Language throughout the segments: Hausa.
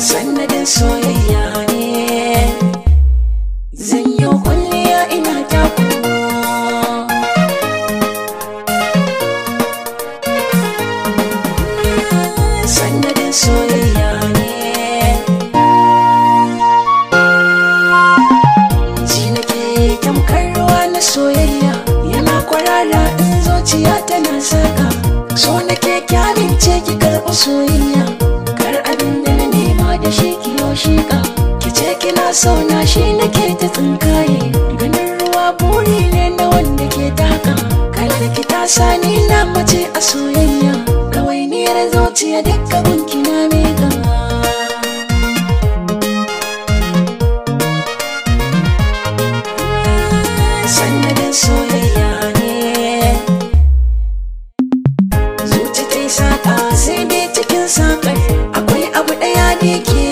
Sannadin soyayya ne zan yi kwalliya ina ta Sannadin zuciya tana saka so nake ki amince ki karɓi soyayya kar abin da na nema da shi ki shiƙa ki ce kina so na shi nake ta tsinkaye ganin ruwa buri ne na wanda ke taka kallon ki ta sani na mace a soyayya ɗawainiyar zuciya dukkan gunki na mega sanadin soyayya sakar akwai abu ɗaya da ke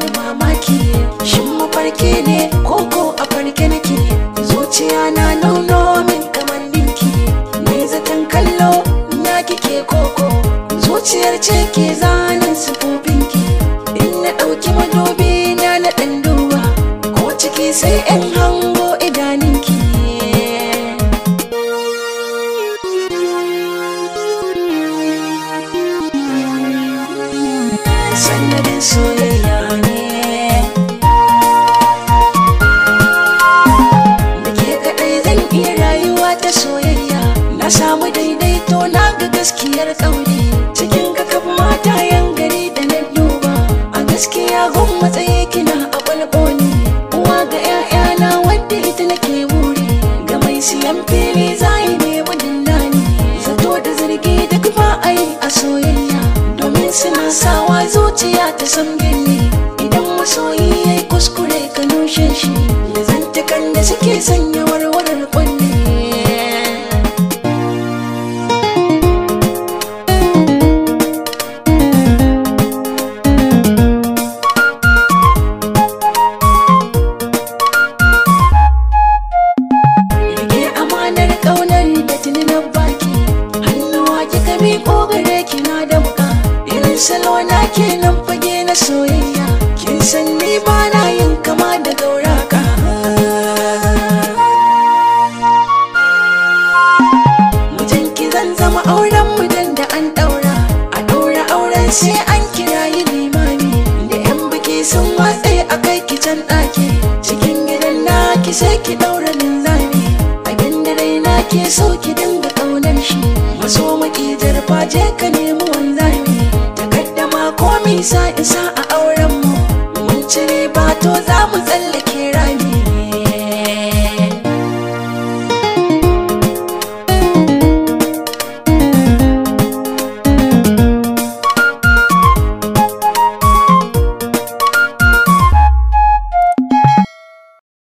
ni mamaki shin mafarki ne koko a farke nake zuciya na nauno min kamar ninki Me zaton kallo na kike koko zuciyar ce ke zanen sufofinki in na ɗauki madobi na na ɗan duba ko ciki sai 'yan sanadin soyayya ne da ke kaɗai zan iya rayuwa ta soyayya na samu daidaito na ga gaskiyar ƙaure cikin kakaf mata yan gari da na duba a gaskiya gun matsayi kina a balboni uwa ga 'ya'yana wanda ita nake buri ga mai siyan fili zai nemi dillani zato da zargi duk ba a yi a soyayya suna sawa zuciya ta san gani idan masoyi ya kuskure ka nushin shi da zantukan da suke sanya salo na kenan fage na soyayya kin san ni ba na yin kama da dauraka. mutan ki zan zama auren mutan da an daura a daura auren sai an kira yi limami da yan biki sun matse a kai ki ɗaki cikin gidan na ki sai ki daura linzami A da na ke so ki dinga ƙaunar shi maso maki jarfa je ka ne usamos